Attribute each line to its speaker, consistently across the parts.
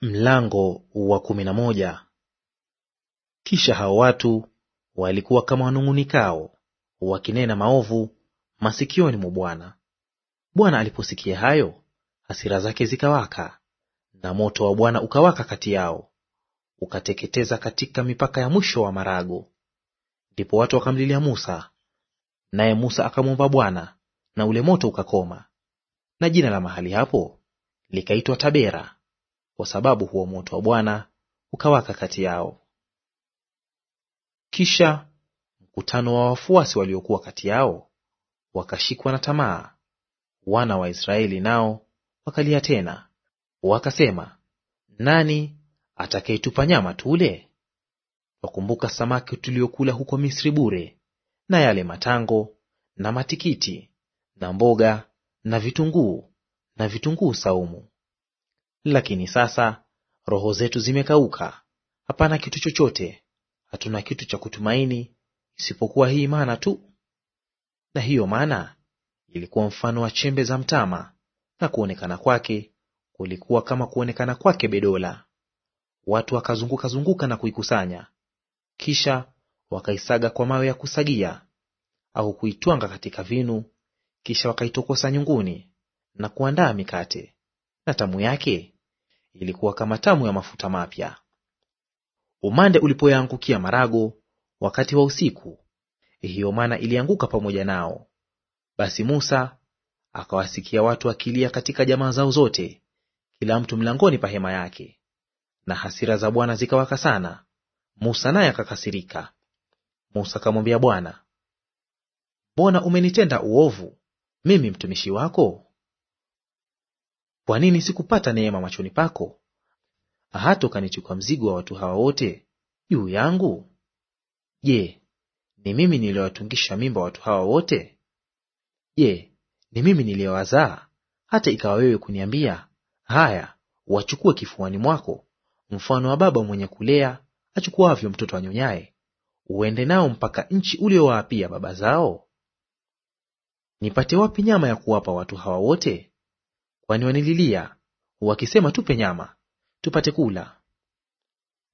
Speaker 1: Mlango wa kumi na moja. Kisha hao watu walikuwa kama wanung'unikao wakinena maovu masikioni mwa Bwana. Bwana aliposikia hayo, hasira zake zikawaka, na moto wa Bwana ukawaka kati yao, ukateketeza katika mipaka ya mwisho wa marago. Ndipo watu wakamlilia Musa, naye Musa akamwomba Bwana, na ule moto ukakoma. Na jina la mahali hapo likaitwa Tabera kwa sababu huo moto wa Bwana ukawaka kati yao. Kisha mkutano wa wafuasi waliokuwa kati yao wakashikwa na tamaa, wana wa Israeli nao wakalia tena, wakasema, nani atakayetupa nyama tule? Twakumbuka samaki tuliokula huko Misri bure, na yale matango na matikiti na mboga na vitunguu na vitunguu saumu. Lakini sasa roho zetu zimekauka, hapana kitu chochote, hatuna kitu cha kutumaini isipokuwa hii mana tu. Na hiyo mana ilikuwa mfano wa chembe za mtama, na kuonekana kwake kulikuwa kama kuonekana kwake bedola. Watu wakazunguka zunguka na kuikusanya, kisha wakaisaga kwa mawe ya kusagia au kuitwanga katika vinu, kisha wakaitokosa nyunguni na kuandaa mikate, na tamu yake ilikuwa kama tamu ya mafuta mapya. Umande ulipoyaangukia marago wakati wa usiku, hiyo mana ilianguka pamoja nao. Basi Musa akawasikia watu akilia katika jamaa zao zote, kila mtu mlangoni pa hema yake. Na hasira za Bwana zikawaka sana, Musa naye akakasirika. Musa akamwambia Bwana, mbona umenitenda uovu mimi mtumishi wako? Kwa nini sikupata neema machoni pako, hata ukanichukua mzigo wa watu hawa wote juu yangu? Je, ni mimi niliyowatungisha mimba watu hawa wote? Je, ni mimi niliyowazaa, hata ikawa wewe kuniambia, haya, wachukue kifuani mwako, mfano wa baba mwenye kulea achukuavyo mtoto anyonyaye, uende nao mpaka nchi uliowaapia baba zao? Nipate wapi nyama ya kuwapa watu hawa wote kwani wanililia wakisema, tupe nyama tupate kula.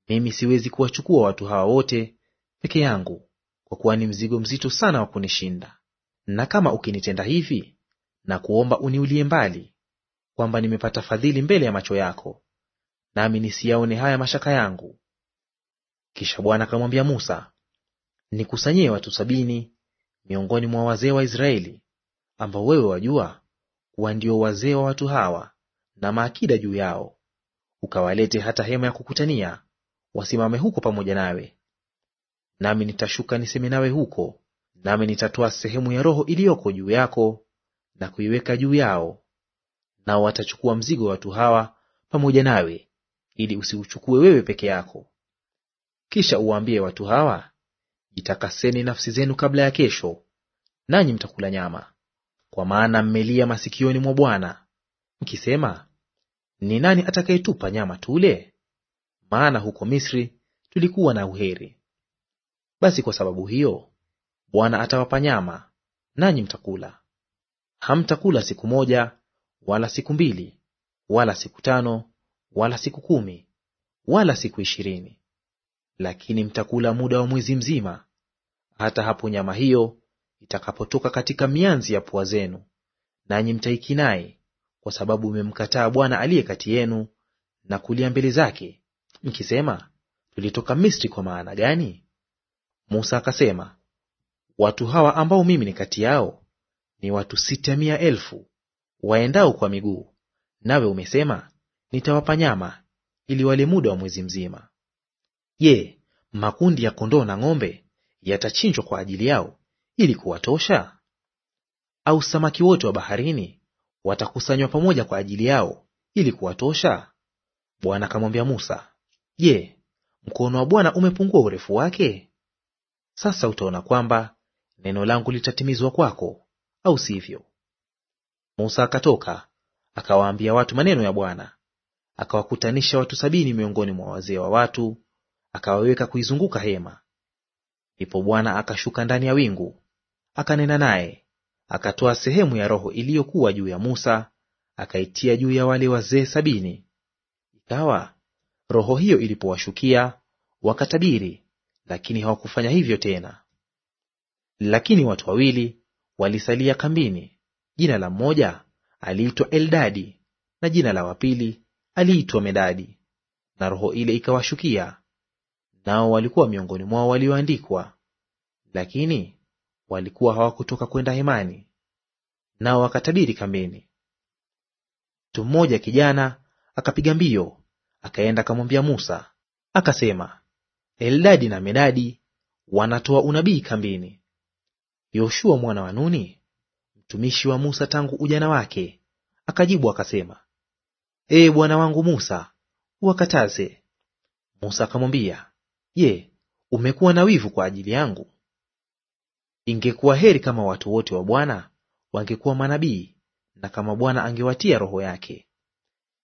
Speaker 1: Mimi siwezi kuwachukua watu hawa wote peke yangu, kwa kuwa ni mzigo mzito sana wa kunishinda. Na kama ukinitenda hivi, na kuomba uniulie mbali, kwamba nimepata fadhili mbele ya macho yako, nami nisiyaone haya mashaka yangu. Kisha Bwana akamwambia Musa, nikusanyie watu sabini miongoni mwa wazee wa Israeli ambao wewe wajua kuwa ndio wazee wa watu hawa na maakida juu yao, ukawalete hata hema ya kukutania, wasimame huko pamoja nawe. Nami nitashuka niseme nawe huko, nami nitatoa sehemu ya roho iliyoko juu yako na kuiweka juu yao, nao watachukua mzigo wa watu hawa pamoja nawe, ili usiuchukue wewe peke yako. Kisha uwaambie watu hawa, jitakaseni nafsi zenu kabla ya kesho, nanyi mtakula nyama kwa maana mmelia masikioni mwa Bwana mkisema, ni nani atakayetupa nyama tule? Maana huko Misri tulikuwa na uheri. Basi kwa sababu hiyo Bwana atawapa nyama, nanyi mtakula. Hamtakula siku moja wala siku mbili wala siku tano wala siku kumi wala siku ishirini, lakini mtakula muda wa mwezi mzima, hata hapo nyama hiyo itakapotoka katika mianzi ya pua zenu, nanyi mtaikinai, kwa sababu mmemkataa Bwana aliye kati yenu na kulia mbele zake, mkisema, tulitoka Misri kwa maana gani? Musa akasema, watu hawa ambao mimi ni kati yao ni watu sita mia elfu waendao kwa miguu, nawe umesema nitawapa nyama ili wale muda wa mwezi mzima. Je, makundi ya kondoo na ng'ombe yatachinjwa kwa ajili yao ili kuwatosha? Au samaki wote wa baharini watakusanywa pamoja kwa ajili yao ili kuwatosha? Bwana akamwambia Musa, Je, mkono wa Bwana umepungua urefu wake? Sasa utaona kwamba neno langu litatimizwa kwako, au sivyo. Musa akatoka akawaambia watu maneno ya Bwana. Akawakutanisha watu sabini miongoni mwa wazee wa watu, akawaweka kuizunguka hema. Ndipo Bwana akashuka ndani ya wingu akanena naye, akatoa sehemu ya roho iliyokuwa juu ya Musa, akaitia juu ya wale wazee sabini. Ikawa roho hiyo ilipowashukia, wakatabiri, lakini hawakufanya hivyo tena. Lakini watu wawili walisalia kambini, jina la mmoja aliitwa Eldadi na jina la wapili aliitwa Medadi, na roho ile ikawashukia, nao walikuwa miongoni mwao walioandikwa, lakini walikuwa hawakutoka kwenda hemani, nao wakatabiri kambini. Mtu mmoja kijana akapiga mbio akaenda akamwambia Musa akasema, Eldadi na Medadi wanatoa unabii kambini. Yoshua mwana wa Nuni mtumishi wa Musa tangu ujana wake akajibu akasema, Ee bwana wangu Musa, wakataze. Musa akamwambia, Je, umekuwa na wivu kwa ajili yangu Ingekuwa heri kama watu wote wa Bwana wangekuwa manabii na kama Bwana angewatia roho yake.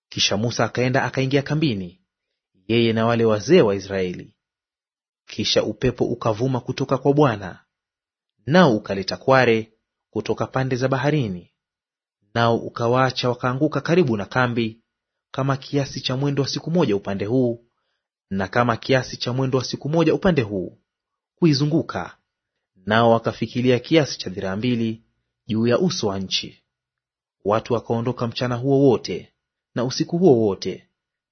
Speaker 1: Kisha Musa akaenda akaingia kambini, yeye na wale wazee wa Israeli. Kisha upepo ukavuma kutoka kwa Bwana, nao ukaleta kware kutoka pande za baharini, nao ukawaacha wakaanguka karibu na kambi, kama kiasi cha mwendo wa siku moja upande huu na kama kiasi cha mwendo wa siku moja upande huu kuizunguka nao wakafikilia kiasi cha dhiraa mbili juu ya uso wa nchi. Watu wakaondoka mchana huo wote na usiku huo wote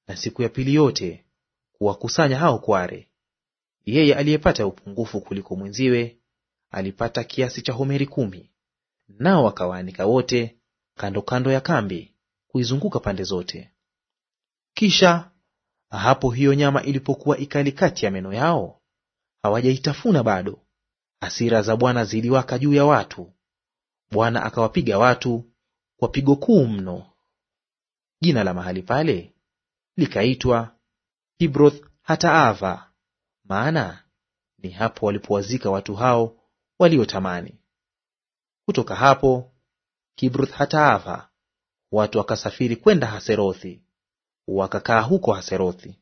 Speaker 1: na siku ya pili yote kuwakusanya hao kware. Yeye aliyepata upungufu kuliko mwenziwe alipata kiasi cha homeri kumi. Nao wakawaanika wote kando kando ya kambi kuizunguka pande zote. Kisha hapo hiyo nyama ilipokuwa ikali kati ya meno yao, hawajaitafuna bado, hasira za Bwana ziliwaka juu ya watu, Bwana akawapiga watu kwa pigo kuu mno. Jina la mahali pale likaitwa Kibroth Hataava, maana ni hapo walipowazika watu hao waliotamani. Kutoka hapo Kibroth hata ava watu wakasafiri kwenda Haserothi, wakakaa huko Haserothi.